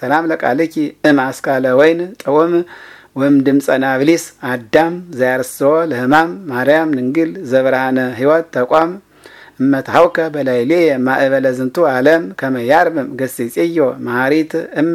ሰላም ለቃልኪ እማስካለ ወይን ጠወም ወም ድምፀ ናብሊስ አዳም ዘያርስዎ ለህማም ማርያም ንንግል ዘብርሃነ ህይወት ተቋም እመትሃውከ በላይሌ ማእበለ ዝንቱ ዓለም ከመ ያርምም ገሴጽዮ መሐሪት እም